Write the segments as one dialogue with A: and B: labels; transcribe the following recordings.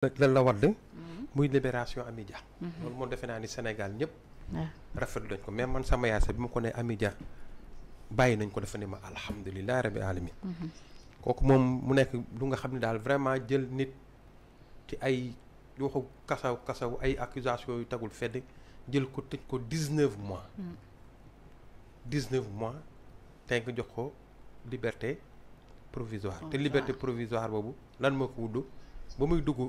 A: lan la de mm-hmm. muy libération Amidia mm-hmm. loolu moom defe naa ni Sénégal ñëpp rafetlu dañ ko mais man sama yaay sax bi ma ko ne Amidia bàyyi nañ ko dafa ne ma alhamdulilah rabbi alamin mm-hmm. kooku moom mu nekk lu nga xam ne daal vraiment jël nit ci ay waxu kasaw kasaw ay accusation yu tagul fedd jël ko tëj ko dix-neuf mois mm. dix jox ko liberté provisoire te liberté provisoire boobu lan ko wudd ba muy dugg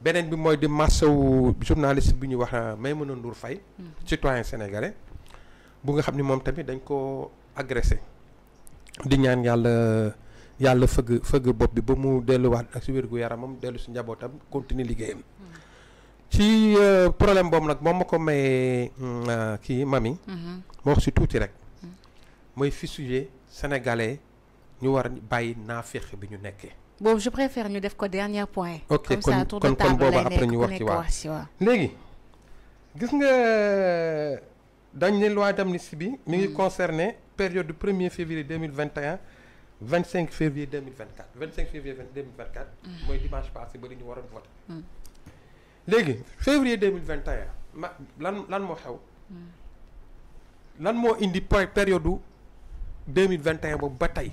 A: beneen bi mooy di massawu journaliste bi ñu wax mën euh, Maimouna Ndour fay mm-hmm. citoyen sénégalais bu nga xam ni moom tamit dañ ko agressé di ñaan yàlla yàlla fëgg fëgg bopp bi ba mu delluwaat ak si wér-gu-yaramam dellu si njabootam continuer liggéeyam mm-hmm. ci euh, problème boobu nag moom ma ko mayee euh, kii mami mm-hmm. ma wax si tuuti rek mooy fi sujet sénégalais ñu war bàyyi naa naaféq bi ñu nekkee
B: Bon, je préfère nous faire le dernier point. Ok, comme ça, tout le monde va après nous
A: dans les lois d'amnistie, mais mm. période du 1er février 2021, 25 février 2024. 25 février 2024, hmm. moi dimanche passé, je suis allé voter. Hmm. Légui, février 2021, l'an mois, l'an mois, il dit période 2021, bataille.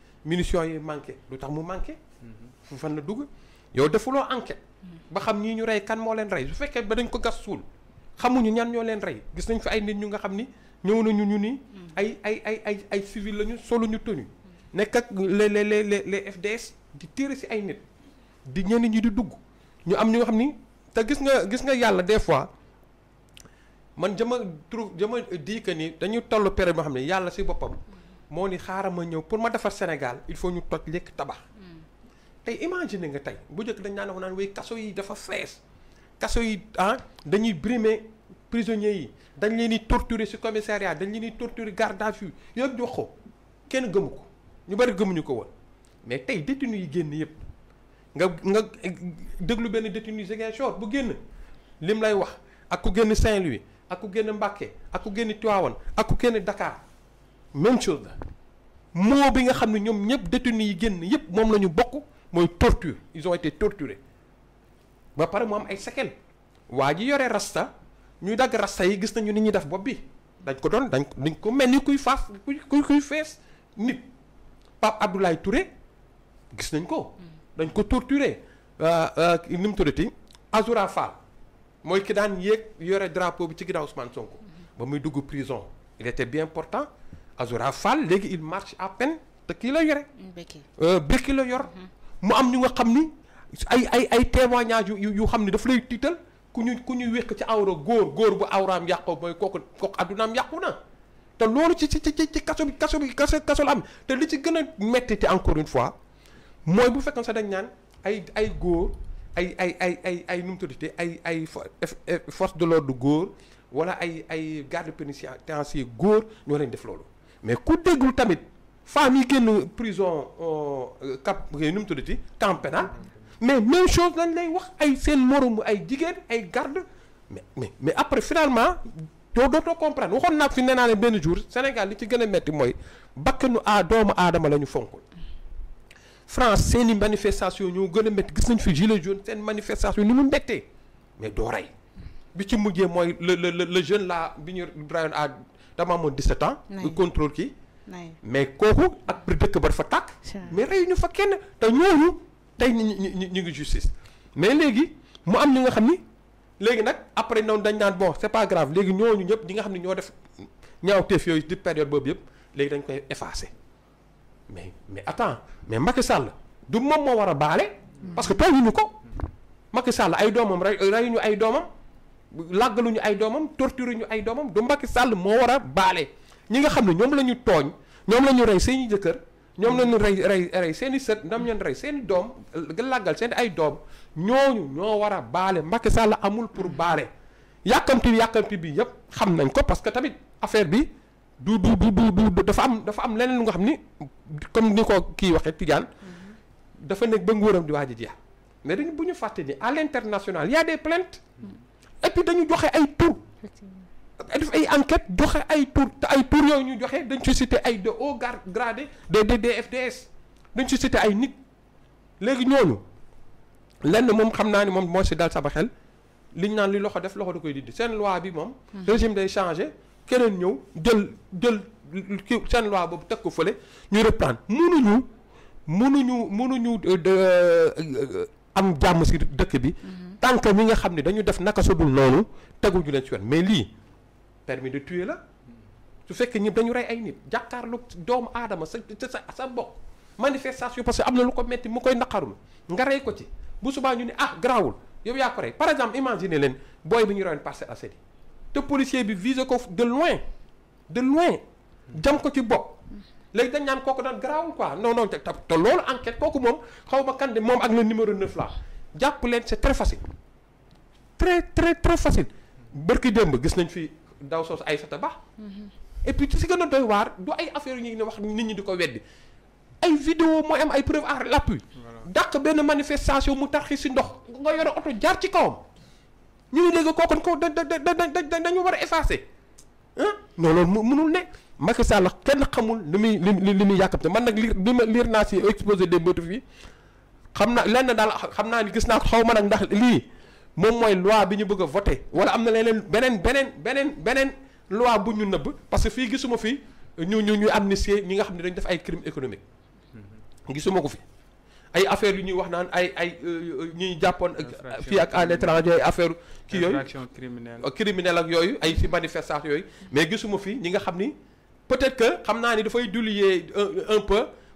A: munitions yi manqué lu tax mu manqué. Mhm. fu fan la dugg yow defuloo enquête. Mhm. ba xam ñii ñu rey kan moo leen rey su fekkee ba dañ ko gas suul xamuñu ñan ñoo leen rey gis nañ fi ay nit ñu nga xam ni ñëw nañu ñu nii mhm. ay ay ay ay ay civil lañu solu ñu tënu. nekk ak les les les les FDS di tiire si ay nit di ñenn ñi di dugg ñu am ñu xam ni te gis nga gis nga yàlla des fois man jama trouve jama di que ni dañu toll période boo xam ne yàlla si boppam. moni pour ma Sénégal il faut ñu toj lek tabax. Hmm. tay imagine nga tay bu dañ naan way kasso yi dafa fess yi ah, dañuy prisonniers yi dañ leen di torturer ci commissariat dañ leen di torturer à vue que ne ko kenn ñu bari ko mais tay détenu yi génn yépp nga nga déglu benn détenu bu génn lim lay wax ak ku génn Saint-Louis ak ku génn Mbacké ak ku ak ku Dakar même chose bi nga xamni ñom yi génn yépp moom lañu torture ils ont été torturés ba pare mu am ay sekel waa ji rasta ñuy dagg rasta yi gis nañu ni ñuy def bopp bi ko doon dañ ko mel kuy faaf kuy kuy fees nit Pape Abdoulaye Touré gis nañ ko. dañ ko torturé euh, euh, ni mu Azoura Fall mooy ki daan yéeg yore drapeau bi ci ginnaaw Ousmane Sonko. ba muy prison il était bien important. Azora Fall léegi il marche à peine te kii la yore. békki la yor. mu am ñu nga xam ni ay ay ay témoignages yu yu xam ni dafa lay tiital ku ñu ku ñu wékk ci awra góor góor bu awraam yàqoo mooy kooku kooku addunaam yàqu na. te loolu ci ci ci ci kaso bi kaso bi kaso kaso la am te li ci gën a metti te encore une fois mooy bu fekkoon sax dañ naan ay ay góor ay ay ay ay ay nu ay ay force de l'ordre góor wala ay ay garde pénitentiaire góor ñoo leen def loolu. mais ku déggul tamit famille yi génn prison euh, cap nu mu tuddati temps pénal mais même chose lañ lay wax ay seen moromu ay jigéen ay garde mais mais mais après finalement doo dootoo comprendre waxoon naa fi nee naa ne benn jour Sénégal li ci gën a metti mooy bakkanu à doomu aadama la ñu fonkul France seen i manifestation ñoo gën a métti gis nañ fi gilet jaune seen manifestation ni mu méttee mais doo rey bi ci mujjee mooy le le le jeune là bi ñu a dama 17 ans. contrôle qui, mais ak mais rien ñu fa kenn pas justice. mais les mu am nga après dañ bon c'est pas grave nga ñoo def di période dañ effacer mais mais attends mais Macky Sall du moment où on a mm. parce que ko. Macky Sall ay il y a ay làggaluñu ay doomam torture ñu ay doomam du Macky Sall moo war a baale ñi nga xam ne ñoom la ñu tooñ ñoom la ñu rey seen i jëkkër ñoom la ñu rey seeni rey seen i sët ñoom rey seen doom làggal seen ay doom ñooñu ñoo war a baale Macky Sall amul pour baale yàkkamti yàkkamti bi yëpp xam nañ ko parce que tamit affaire bi du du du dafa am dafa am leneen lu nga xam ni comme ni ko kii waxee Tidiane dafa nekk ba nguuram di waaj a jeex mais dañu bu ñu fàtte ni à l' international y' des plaintes. et puis dañu joxe ay tur def ay enquête joxe ay tur te ay tur yooyu ñu joxe dañ ci cité ay de haut gradé des DDFDS dañ ci cité ay nit léegi ñooñu lenn moom xam naa ni moom moo si dal saba xel liñ naan li loxo def loxo da koy dindi seen loi bi moom hmm. régime day changé keneen ñëw jël jël ki seen loi boobu teg ko fële ñu reprendre mënuñu munuñu mënuñu euh, euh, euh, am jàmm si dëkk bi hmm. tànk ñi nga xam ne dañu def naka sudul noonu teguñu leen ci yoon mais lii permis de tuer la su fekkee ñëpp dañu rey ay nit jàkkaarlu doomu aadama sa sa sa mbokk manifestation parce que am na lu ko metti mu koy naqarul nga rey ko ci bu subaa ñu ni ah garaawul yow yaa ko rey par exemple imagine leen booy bi ñu reyoon Parcelles Assainies te policier bi visé ko de loin de loin jam ko ci bopp léegi dañ naan kooku daan garaawul quoi non non te loolu enquête kooku moom xaw ma kan moom ak le numéro 9 la japp len c'est très facile très très très facile barki demb gis nañ fi daw sos ay fata baax mm-hmm. et puis si gën a doy war du ay affaire yu ñuy wax nit ñi diko wedd ay vidéo mo am ay preuve à l'appui dàq ben manifestation mu tarxi ci ndox nga yoro auto jaar ci kawam ñu ne léegi kokon ko da da da dañu war effacer hein non loolu mënul ne Macky Sall kenn xamul limi limi li muy man nak lire na ci exposé des motifs xam na lenn daal xam naa ni gis naa ko xaw ma nag ndax lii moom mooy loi bi ñu bëgg a voté wala am na leneen beneen beneen beneen beneen loi bu ñu nëbb parce que fii gisuma fi ñu ñu ñu amnistier ñi nga xam ne dañu def ay crime économique gisuma ko fi ay affaire yu ñuy wax naan ay ay ñuy jàppoon ak fii ak à l'étranger ay affaire kii yooyu criminel ak yooyu ay fi manifestation yooyu mais gisuma fi ñi nga xam ni peut-être que xam naa ni dafay diluer un peu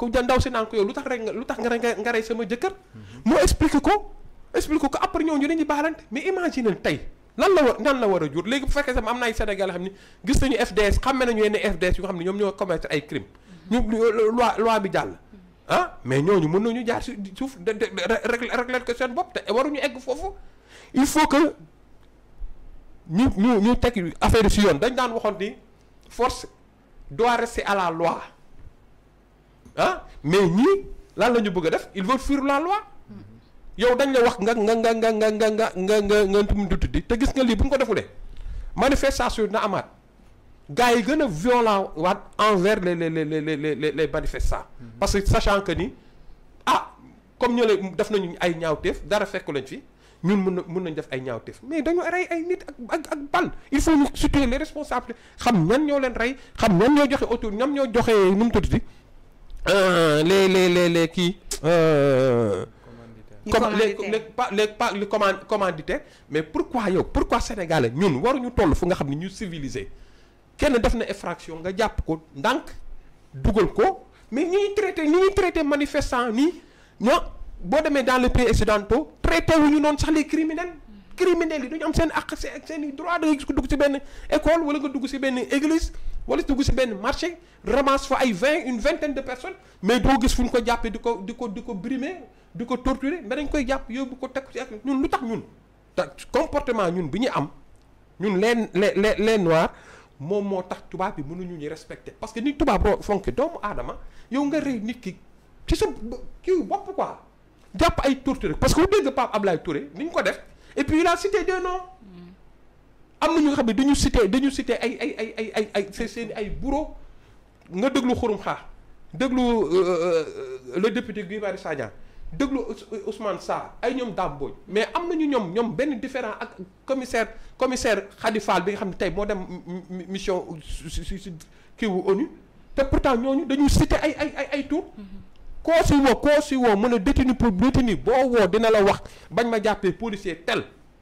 A: ku ndaw si naan ko yow lu tax rek nga lu tax nga rey sama jëkkër. moo explique ko explique ko après ñooñu dañuy baalante mais imagine tey lan la war lan la war a jur léegi bu fekkee sama am na ay Sénégal xam ni gis nañu FDS xam nañu yenn FDS yu nga xam ne ñoom ñoo commettre ay crime ñu loi loi bi jàll. ah mais ñooñu mën nañu jaar si suuf de de régler ko seen bopp te waruñu egg foofu il faut que ñu ñu ñu teg affaire si yoon dañ daan waxoon ni force doit rester à la loi. ah mais ñii lan la ñu bëgg a def ils veulent fuir la loi yow dañ la wax nga nga nga nga nga nga nga nga nga nga nga tuddi te gis nga lii bu ñu ko defulee manifestation na amaat gars yi gën a violent waat envers les les les les les les manifestants parce que sachant que ni ah comme ñu lay def nañu ay ñaawteef dara fekku lañ fi ñun mun na mun nañ def ay ñaawteef mais dañu rey ay nit ak ak ak bal il faut ñu situer les responsables xam ñan ñoo leen rey xam ñan ñoo joxe auto ñan ñoo joxe nu mu tuddati Euh, les, les, les, qui euh, comme les, les, les, mais pourquoi yo pourquoi sénégalais nous nous toll fu nga xam ñu civilisé effraction nga ko mais nous traité nous traité manifestant Nous, nous dans le pays occidentaux traité les criminels criminels wala dugg si ben marché ramasse fa ay 20 une vingtaine de personnes mais do gis fuñ ko jappé diko diko diko brimer diko torturer mais dañ koy japp yóbbu ko tek ci ak ñun lu tax ñun. te comportement ñun biñu am ñun les les les noirs mom mo tax tuba bi mënu ñu respecter parce que ni tuba boo fonk doomu aadama yow nga rëy nit ki ci sa ki bopp quoi japp ay torturer parce que bu dégg Pape Ablaye Touré niñ ko def et puis il a cité deux noms. Il y ñu xam dañu cité dañu cité ay ay ay ay ay ay c'est ay bureau euh, euh, euh, le député Guy Ousmane ay mais amna ñu ñom ñom différents. différent ak commissaire commissaire Fall bi nga mission ONU pourtant ñooñu dañu cité ay ay ay ay tour mm-hmm. ko pour détenu dina la wax bañ ma tel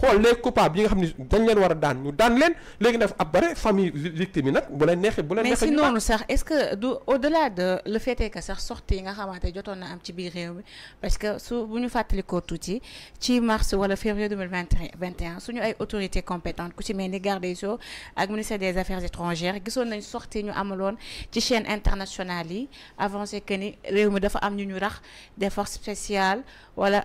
A: xool les coupables yi nga xam ne dañ leen war a daan ñu daan leen léegi nag ab bare famille victime yi nag bu leen neexee bu leen neexee mais si noonu
B: sax est-ce que du au-delà de le fait que sax sortie nga xamante jotoon na am ci biir réew mi parce que su bu ñu fàttalikoo tuuti ci mars wala février 2021 suñu ay autorités compétentes ku ci mel ni garde des sceaux ak ministère des affaires étrangères gisoon nañ sortie ñu amaloon ci chaîne internationale yi avancé que ni réew mi dafa am ñu ñu rax des forces spéciales wala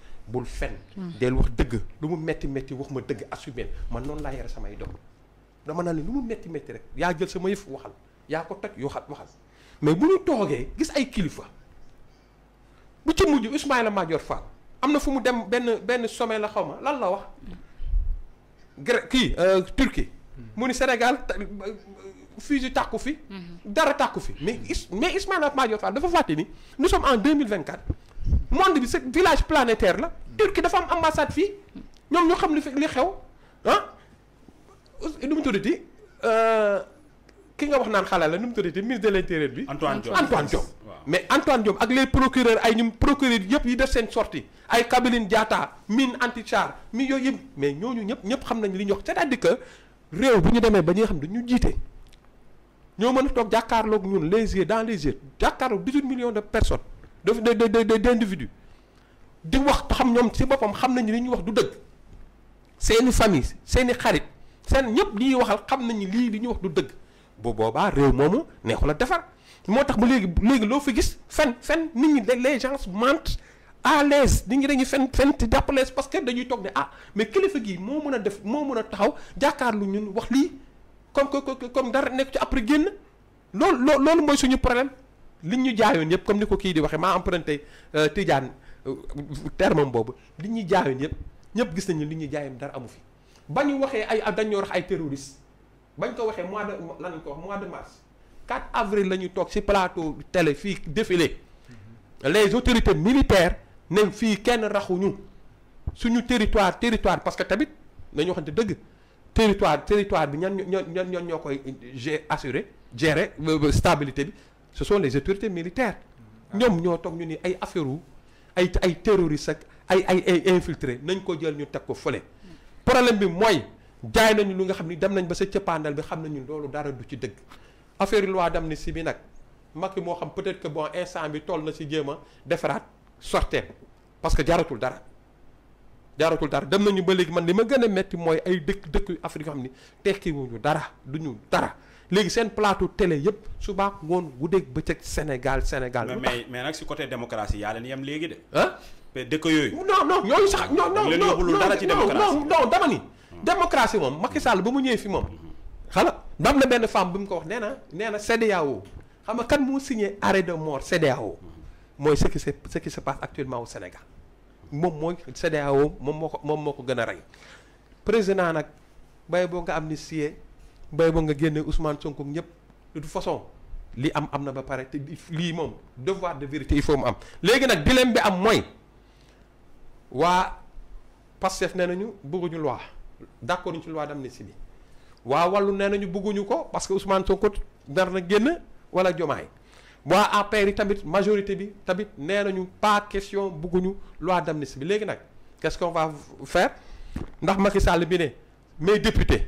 A: bul fen hmm. del wax deug lu mu metti metti wax ma dëgg assumé man noonu laa yore samay doom dama naan ne lu mu metti metti rek ya jël sama yef waxal ya ko toj yoo xat waxal mais bu ñu toogee gis ay kilifa bu ci muju Ismaïla Madior Fall amna na fu mu dem ben ben sommet la xawma ma lan la wax ki kii euh, Turquie hmm. mu ni Sénégal euh, fusi tàkku fi hmm. dara tàkku fi mais mais Ismaïla Madior Fall dafa fàtte ni nous sommes en 2024 monde bi village planétaire là Turquie dafa am ambassade Ils ñom ñu xam li li xew hein mu euh ki nga wax ministre de l'intérieur bi Antoine Diop. Antoine mais Antoine ak les procureurs ay ñum procureur nous yi def sortie ay Kabiline mine antichar mi mais nous, nous ñëpp xam nañ li ñu c'est-à-dire que réew bu ñu Nous ba xam ñu ñoo mën a toog ñun les yeux dans les yeux 18 millions de personnes de de de d'individus di wax xam ñom ci bopam xam nañu li ñu wax du deug. seeni famille seeni xarit seen ñep li waxal xam nañu lii li ñu wax du deug. bu boba rew momu neexu la défar. Motax bu légui léegi léegi fi gis fen fen nit ñi les gens mentent à l'aise nit ñi dañuy fen fen te jàpp l'aise parce que dañuy tok ne ah mais kilifa gi mo mën def mo mën a taxaw jàkkaarlu ñun wax li comme comme comme dara nek ci après génn loolu loolu moy suñu problème. liñ ñu jaayoon yëpp comme ni ko kii di waxee maa emprunté euh, Tidiane euh, terme boobu li ñu jaayoon yëpp ñëpp gis nañu li ñu jaayoon dara amu fi ba ñu waxee ay dañoo wax ay terroriste bañ ko waxee mois de lan lañ ko wax mois de mars 4 avril la ñu toog ci plateau télé fii défilé mm-hmm. les autorités militaires ne fii kenn raxuñu suñu territoire territoire parce que tamit nañu waxante dëgg territoire territoire bi ñan ñoo ñoo ñoo koy assuré gérer euh, stabilité bi ce sont les autorités militaires ñoom ñoo toog ñu ni ay affaire wu ay ay terroristes ak ay ay ay infiltré nañ ko jël ñu teg ko fële problème bi mooy jaay nañu lu nga xam ni dem nañ ba sa cëppaandal bi xam nañu loolu dara du ci dëgg affaire loi si bi nag Macky moo xam peut-être que bon instant bi toll na si jéem a defaraat sorteem parce que jaaratul dara jaaratul dara dem nañu ba léegi man li ma gën a metti mooy ay dëkk dëkk yu Afrique yoo xam ni tekkiwuñu dara duñu dara Les plateau télé Sénégal Sénégal. mais
B: mais côté démocratie il y a gens non
A: non non, non, non non non non, non, non non démocratie non non non non non non non non non non non non femme non non non non non non non signé non de ce qui se passe actuellement au Sénégal président mbéy nga Ousmane Sonko de toute façon li am ba devoir de vérité il faut mu am légui nak dilemme bi am moy wa que bëgguñu loi d'accord ñu ci loi d'amnistie parce que Ousmane Sonko dar na wala Diomaye wa APR tamit majorité bi tamit nee pas question bëgguñu loi d'amnistie bi qu'est-ce qu'on va faire ndax Macky bi mes députés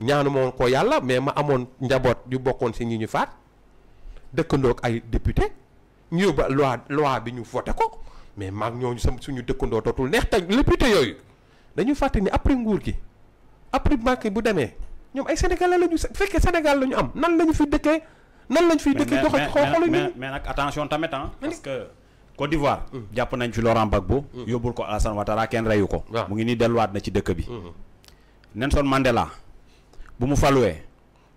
A: ñaanu moom ko yàlla mais ma amoon njaboot yu bokkoon si ñu ñu faat dëkkandook ay député ñu yóbba loi loi bi ñu foote ko mais maak ñooñu sam suñu dëkkandoo dootul neex te député yooyu dañu fàtte ni après nguur gi après Macky bu demee ñoom ay sénégalais la ñu fekkee Sénégal la ñu am nan la ñu fi dëkkee
B: nan lañu fiy dëkkee doxee xool mais nag attention tamit ah parce que Côte d'Ivoire mm. jàpp nañ ci Laurent Gbagbo mm. yóbbul ko Alassane Ouattara kenn reyu ko mu ngi nii delluwaat na ci dëkk bi mm-hmm. Nelson bu falloué,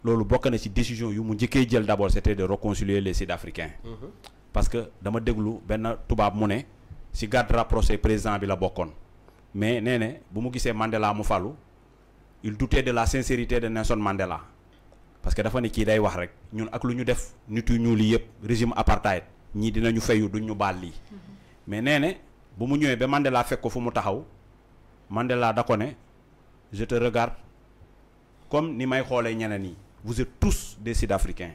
B: faluwee bokk na ci décision yu mu njëkkee d'abord c'était de reconcilier les Sud-Africains mhm. parce que dama déglu ben, tubaab mu ne ci garde procès présent bi la bokon. mais néné, ne bu mu Mandela mu falu il doutait de la sincérité de Nelson Mandela parce que dafa ne ki day wax rek ñun ak lu ñu def nit yu régime apartheid ñi dinañu fayu duñ ñu mhm. mais néné, ne bu mu ñëwee Mandela fekk ko fu mu taxaw Mandela da ko je te regarde comme ni may xolé ñeneen vous êtes tous des sud-africains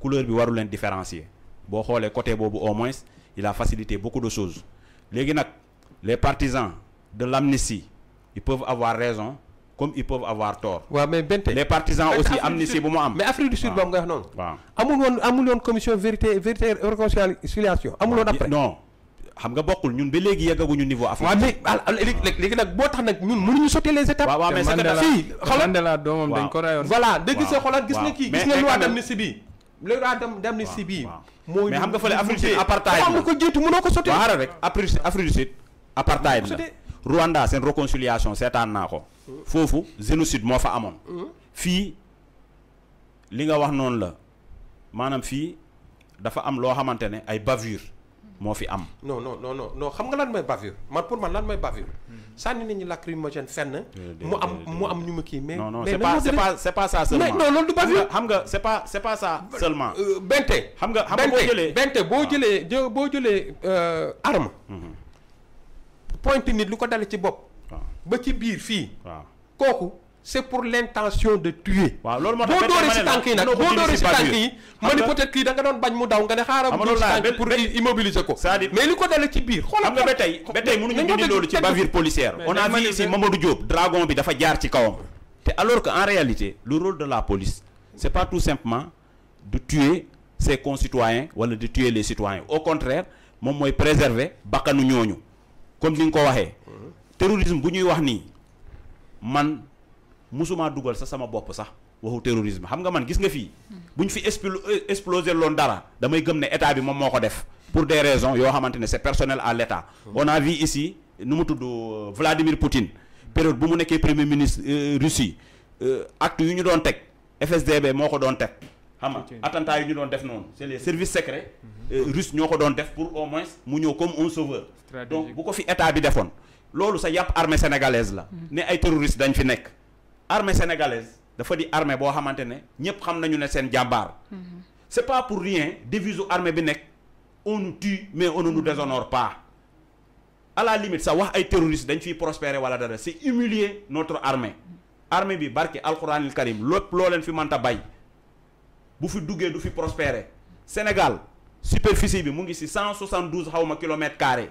B: couleur bi waru leen différencier Vous xolé côté bobu au moins il a facilité beaucoup de choses légui les partisans de l'amnistie ils peuvent avoir raison comme ils peuvent avoir tort. mais les partisans aussi amnistie bu am. mais Afrique du Sud vous ah. nga wax
A: amul won amul commission vérité vérité réconciliation amul woon après non
B: xam nga bokkul ñun ba léegi ñu niveau Afrique.
A: wa mais léegi nak bo tax nak ñun mënu ñu sauter les étapes. wa waaw mais c'est que fii xoolal
B: Mandela doomam dañ ko rayoon. voilà dégg nga xoolal gis na kii gis nga loi d'amnistie
A: bi. loi d'amnistie bi. moy mais xam nga fële Afrique du Sud apartheid ko
B: jitu mëno ko sauter. wa rek Afrique du Sud apartheid la. Rwanda seen réconciliation seetaan naa ko. foofu génocide mo fa amone mm. fi li nga wax non la manam fi dafa am lo xamantene ay bavure non
A: non non non non xam nga man pour man hmm. am am mais. c'est pas
B: c'est pas ça euh, seulement. non c'est pas c'est pas ça seulement. bente. xam
A: arme. Mhm. pointe nit lu ko ci ah. ba ci biir c'est pour l'intention de tuer. pour
B: immobiliser mais on a vu ici Mamadou dragon alors qu'en réalité le rôle de la police c'est pas tout simplement de tuer ses concitoyens ou de tuer les citoyens au contraire mon est préserver bakkanu ñooñu comme ko mhm. terrorisme bu ñuy wax musuma dougal sa sama bop sax waxu terrorisme xam nga man gis nga fi buñ fi exploser explosé dara damay gëm né état bi mom moko def pour des raisons yo xamantene c'est personnel à l'état on a vu ici numu mu euh, Vladimir Poutine période bu mu nekkee premier ministre euh, Russie euh, acte yu ñu doon tek FSDB moko ko doon teg xam nga attentat yu ñu doon def non c'est les services secrets mhm. russe ñoko ko doon def pour au moins mu ñëw comme un sauveur donc bu ko fi état bi defone loolu sa yàpp armée sénégalaise la mhm. né ay terroristes dañ fi nek armée sénégalaise dafa di armée bo xamantene ñepp xam nañu ne sen jambar mhm. c'est pas pour rien devise armée bi nek on nous tue mais on ne nous mhm. déshonore pas à la limite ça, wax ay terroristes dañ fi prospérer wala dara C'est humilier notre armée. armée bi barke alquranil karim lépp lo leen fi manta bay bu fi duggé du fi prospérer Sénégal superficie bi mu ngi ci 172 km 2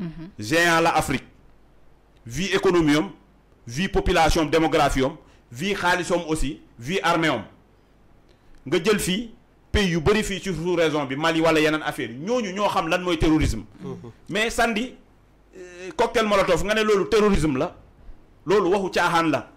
B: Mhm. géant la Afrique vie économie vie population démographie vie aussi vie armée nga jël fi pays yu bari fi ci sous raison bi Mali wala affaire xam terrorisme. Mhm. mais sandi euh, cocktail molotov nga ne terrorisme la waxu la.